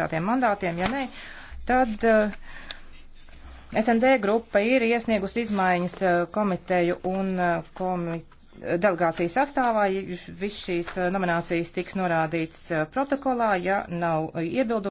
tādiem mandātiem, ja nē, tad uh, eh, SND grupa ir iesniegusi izmaiņas uh, komiteju un uh, eh, komiteju. Delegācijas sastāvā viss šīs nominācijas tiks norādīts protokolā, ja nav iebildumi.